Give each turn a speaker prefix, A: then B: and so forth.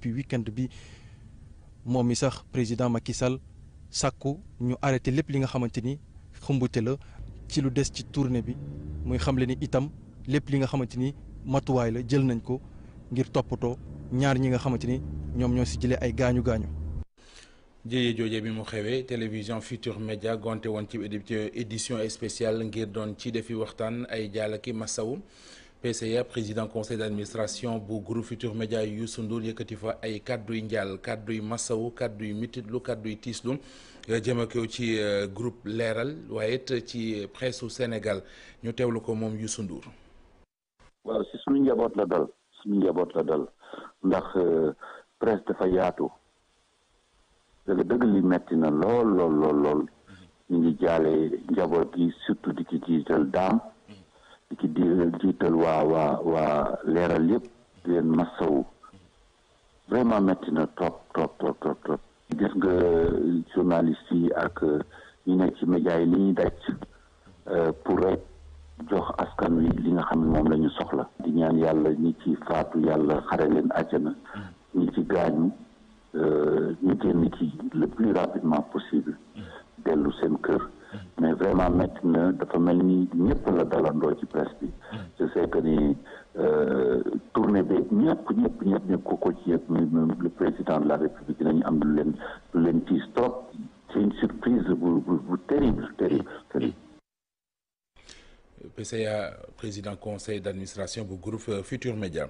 A: puis bi moom mi sax président Macky Sall sàkku ñu arrêté lépp li nga xamante ni xumbute la ci lu des ci tourne bi muy xamle ni itam lépp li nga xamante ni matuwaay la jël nañ ko ngir toppatoo ñaar ñi nga xamante ni ñoom ñoo si jëlee ay gaañu gaañu.
B: jëye jooje bi mu xewee télévision Futur Média gonte woon ci édition spéciale ngir doon ci defi waxtaan ay jàll ki PCA e, président conseil d'administration bu groupe Futur Média Youssou Ndour yëkkati fa ay kàdduy njaal kàdduy masawu kàdduy mititlu kàdduy tiislu euh, jëm ak ci euh, groupe leeral waaye it ci presse u Sénégal ñu teewlu ko moom Youssou Ndour
C: waaw si suñu njaboot la dal suñu njaboot la dal ndax euh, presse dafa yaatu dëgg dëgg li metti na lool lool lool ñu ngi jaale njaboot gi surtout di ci jiital daam leen jiital waa waa waa leeral yépp di leen massawu vraiment métti na trop trop trop trop gis nga euh, journaliste yi ak euh, ñu nekk ci média yi li ñuy daj euh, pour rek jox askan wi li nga xam ne moom lañu soxla di ñaan yàlla ñi ci faatu yàlla xare leen àjjana ñi ci gaañu ñu génn ci le plus rapidement possible dellu seen kër vraiment métti na dafa mel ni ñëpp la dalandoo ci presse bi je sais que ni euh, tournée bi ñëpp ñëpp ñëpp ñëpp koko ci le président de la république dinañu am lu leen lu leen trop c'est une surprise bu bu terrible terrible
B: PCA président conseil d'administration bu groupe Futur Média